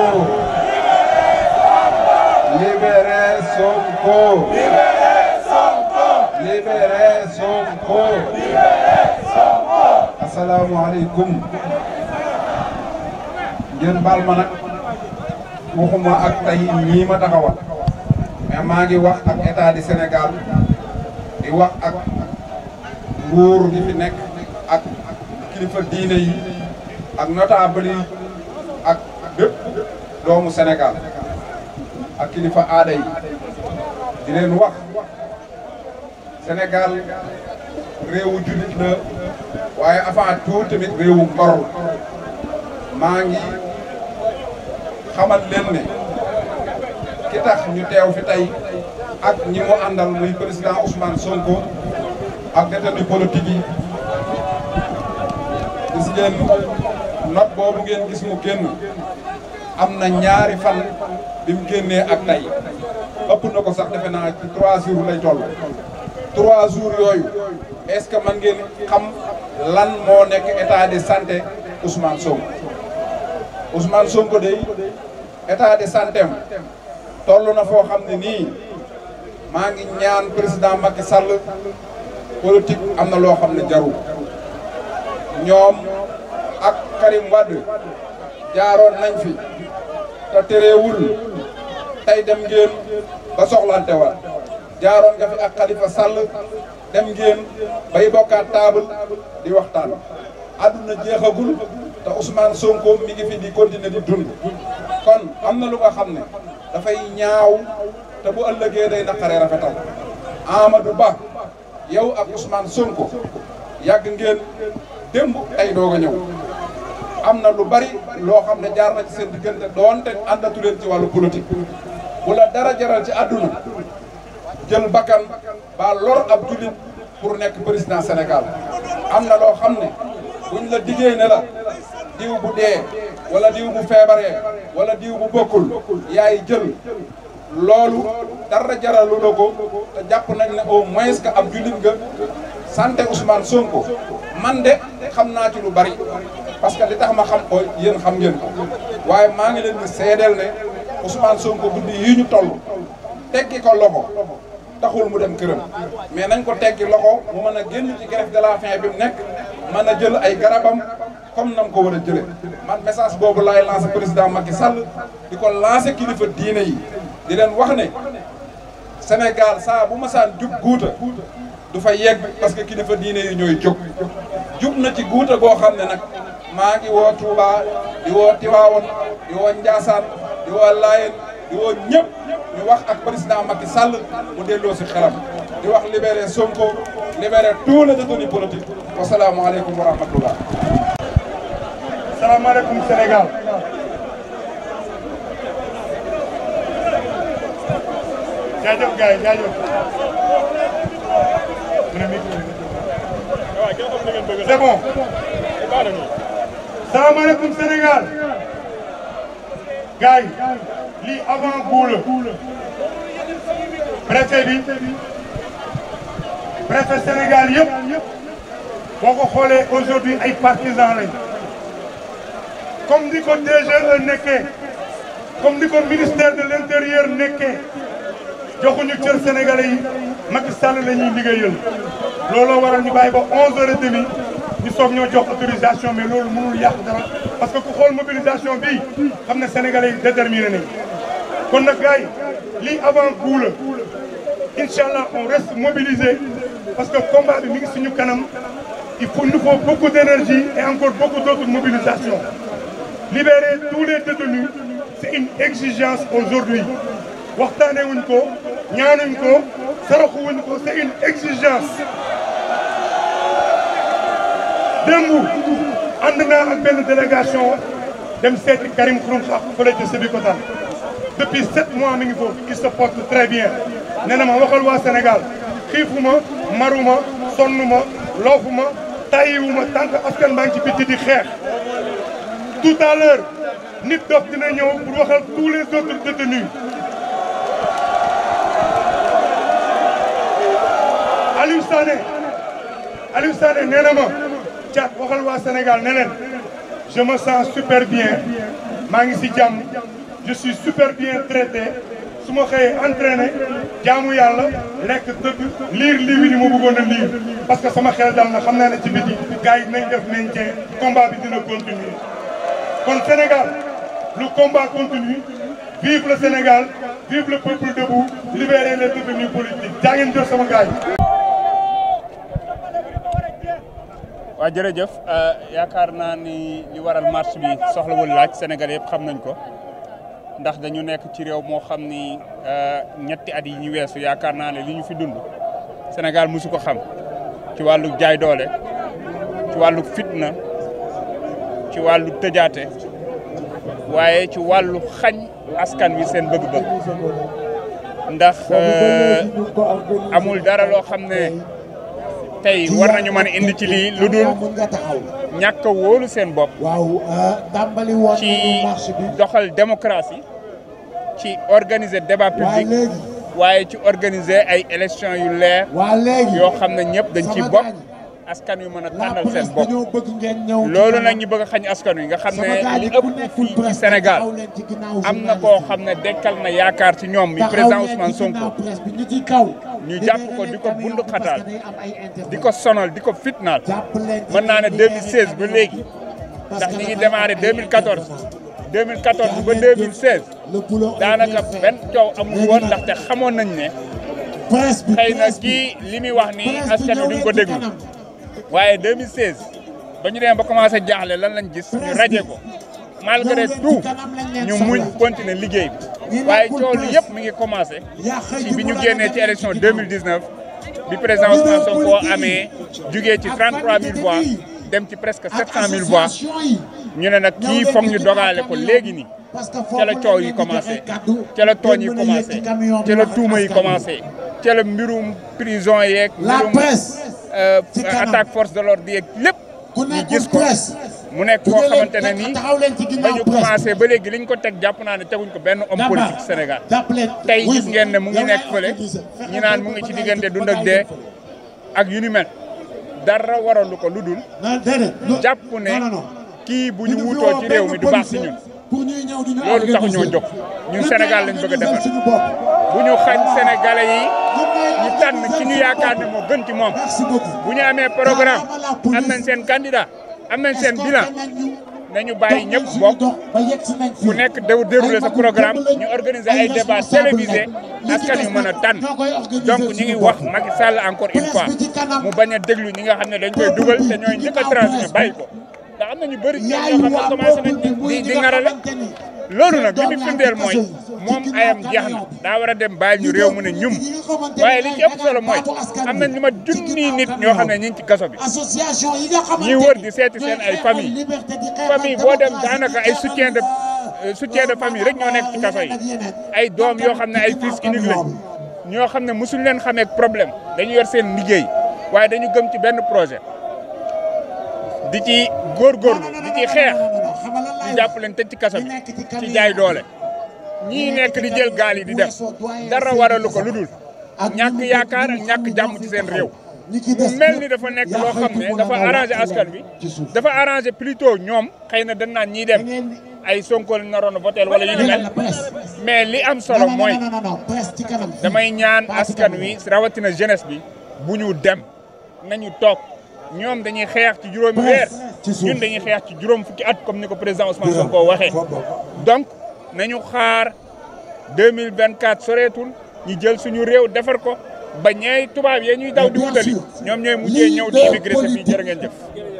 Sonko libérez Sonko libérez Sonko asalaamaaleykum ngeen baal ma nag waxuma ak tey ñii ma taxawal maa ngi wax ak état du Sénégal di wax ak nguur gi fi nekk ak kilifa diine yi ak notable yi ak doomu Sénégal ak kilifa aada yi di wax Sénégal réewu jullit la waaye avant tout tamit réewu ngor maa ngi xamal leen ne ki tax ñu teew fi tey ak ñi mu àndal muy président Ousmane Sonko ak détenu politique yi gis ngeen not boobu ngeen gis mu génn am na ñaari fan bi mu génnee ak tey ëpp na ko sax defe naa ci trois jours lay toll trois jours yooyu est-ce que man ngeen xam lan moo nekk état de santé Ousmane Sonko Ousmane Sonko day état de santé am toll na foo xam ne nii maa ngi ñaan président Macky Sall politique am na loo xam ne jarul ñoom ak Karim Wade jaaroon nañ fi te tereewul tey dem ngeen ba soxlante waat jaaroon nga fi ak Khalifa Sall dem ngeen bay bokkaat table di waxtaan. àdduna jeexagul te Ousmane Sonko mi ngi fi di continuer di dund kon am na lu nga xam ne dafay ñaaw te bu ëllëgee day naqaree rafetal Amadou Ba yow ak Ousmane Sonko yàgg ngeen démb tey doog a ñëw. am na lu bari loo xam ne jaar na ci seen diggante doonte àndatu leen ci wàllu politique bu dara jaral ci àdduna jël bakkan ba lor ab jullit pour nekk président Sénégal am na loo xam ne buñ la diggee ne la diw bu dee wala diw bu feebaree wala diw bu bokkul yaay jël loolu dara jaralu la ko te jàpp nañ ne au moins que ab jullit nga santé Ousmane Sonko man de xam naa lu bari parce que li tax ma xam ko yéen xam ngeen ko waaye maa ngi leen di seedeel ne Ousmane Sonko guddi yi ñu toll teggi ko loxo taxul mu dem këram mais nañ ko teggi loxo mu mën a génn ci grève de la faim bi mu nekk mën a jël ay garabam comme nam ko war a jëlee man message boobu laay lancé président Macky Sall di ko lancé kilifa diine yi di leen wax ne Sénégal saa bu masaan jub guuta du fa yegg parce que kilifa diine yi ñooy jóg jub na ci guuta goo xam ne nag maa ngi woo Touba di woo Tivaouane di woo Ndiassane di woo Layène di woo ñëpp ñu wax ak président Macky Sall mu delloo xelam di wax libérer Sonko libérer tous les détenus politiques wasalaamualeykum wa rahmatullah. salaamaaleykum Sénégal. jaajëf salaamaaleykum Sénégal gars yi lii avant goût la bi préfet Sénégal yëpp boo ko xoolee aujourd'hui ay partisans lañ comme ni ko DGE nekkee comme ni ko ministère de l'intérieur nekkee joxuñu cër sénégalais yi Macky Sall la ñuy liggéeyal looloo waral ñu bàyyi ba 11h30. ñu soog ñoo jox autorisation mais loolu mënul yàq dara parce que ku xool mobilisation bi xam ne sénégalais yi déterminé kon nag gars yi lii avant coup la incha allah on reste mobilisé parce que combat bi mi ngi suñu kanam il faut nu faut beaucoup d'énergie et encore beaucoup d'autres mobilisations libérer tous les détenus c'est une exigence aujourd'hui waxtaanewuñ ko ñaanuñ ko saraxuwuñ ko c'est une exigence démb ànd naa ak benn délégation dem seeti Karim Xrum Xax fële ca Sébikotane depuis sept mois mi ngi foofu il se porte très bien nee na ma waxal waa Sénégal xiifuma maruma sonnuma loofuma tàyyiwuma tant que askan ci bitti di xeex tout à l'heure nit dof dina ñëw pour waxal tous les autres détenus Aliou Sané Aliou Sané Thiat waxal waa Sénégal ne leen je me sens super bien maa ngi ci jàmm je suis super bien traité su ma xëyee entraîné jaamu yàlla lekk tëdd liir lii wi ni ma bëggoon parce que sama xel dal na xam naa ne ci biti gars yi nañ def maintien combat bi dina continuer kon Sénégal le combat continue vive le Sénégal vive le peuple debout libérez les détenus politiques jaa ngeen jëf sama gars waaw jërëjëf euh, yaakaar naa ni li waral marche bi soxlawul laaj Sénégal yëpp xam nañ ko ndax dañu nekk ci réew moo xam ni euh, ñetti at yi ñu weesu yaakaar naa ne li ñu fi dund Sénégal mosu ko xam ci wàllu jaay doole ci wàllu fitna ci wàllu tëjaate waaye ci wàllu xañ askan wi seen bëgg-bëgg ndax euh, amul dara loo xam ne. tey war nañu mën a indi ci lii lu dul ñàkk a wóolu seen bopp euh, ci doxal démocratie ci organiser débat public waaye ci organiser ay élections yu leer yoo xam ne ñëpp dañ ci bopp askan wi mën a tànnal seen bopp loolu nag ñu bëgg a xañ askan wi nga xam ne li ëpp fii Sénégal am na koo xam ne dekkal na yaakaar ci ñoom mi président Ousmane Sonko ñu jàpp ko di ko bund xataal di ko sonal di ko fitnaal mën naa ne 2016 ba léegi ndax ñi ngi démarré 2014 2014 ba 2016 daanaka benn coow amul woon te xamoon nañ ne xëy na kii li muy wax nii askan wi duñ ko déglu waaye 2016 ba ñu demee ba commencé jaaxle lan lañ gis ñu raje ko malgré tout ñu muñ continuer liggéey waaye coow li yëpp mi ngi commencé ci bi ñu génnee ci élection 2019 bi président Ousmane Sonko amee jugee ci 33000 voix dem ci presque 700000 voix ñu ne nag kii foog ñu dogaale ko léegi nii ca la coow yi commencé ca la tooñ yi commencé ca la tuuma yi commencé ca la mbirum prison yeeg mbirum euh, attaque force de l'ordre yeeg lépp ñu gis ko mu nekk koo xamante ne nii ba ñu commencé ba léegi liñ ko teg jàpp naa ne teguñ ko benn homme politique Sénégal tey gis ne mu ngi nekk fële ñi naan mu ngi ci diggante dund ak dee ak yu ni mel dara waralu ko lu dul jàpp ne kii bu ñu wuutoo ci réew mi du baax si ñun loolu tax ñoo jóg ñun senegal lañ bëgg a defar bu xañ sénégalais yi. tànn ki ñu yaakaar ne moo gën ci moom bu ñu amee programme am nañ seen candidat am nañ seen bilan nañu bàyyi ñëpp bokk ku nekk déw déroulé sa programme ñu organiser ay débat télévisé askan yu mën a tànn donc ñu ngi wax Macky Sall encore une fois mu bañ a déglu ñi nga xam ne dañ koy dugal te ñooy njëkk a transmettre bàyyi ko ndax am ñu bëri ñoo xam ne commencé nañ di di ngarale loolu nag li ñu mooy moom ayam jeex na daa war a dem bàyyi ñu réew mu ne ñum waaye li ci ëpp solo mooy am na ñu ma junni nit ñoo xam ne ñu ngi ci kaso bi ñuy wër di seeti seen ay famille famille boo dem daanaka ay de euh, soutien de famille rek ñoo nekk ci kaso yi ay doom yoo xam ne ay fils unique lañ ñoo xam ne mosuñ leen xamee problème dañu yor seen liggéey waaye dañu gëm ci benn projet di ci góorgóorlu di ci xeex ñu jàpp leen tëj ci kaso bi ci jaay doole ñii nekk di jël gaal yi di def dara waralu ko lu dul yaakaar ak ñàkk jàmm ci seen réew mu mel ni dafa nekk loo xam ne dafa arrangé askan bi dafa arrangé plutôt ñoom xay na dañ naan ñiy dem ay Sonko la naroon voté wala yu ni mel mais li am solo mooy damay ñaan askan wi rawatina jeunesse bi bu ñu dem ñu toog ñoom dañuy xeex ci juróomi weer ñun dañuy xeex ci juróom fukki at comme ni ko président Ousmane Sonko waxee donc nañu xaar vingt 2024 soreetul ñu jël suñu réew defar ko ba ñaay tubaab yee ñuy daw di wutali ñoom ñooy mujjee ñëw di immigré fii jërë ngeen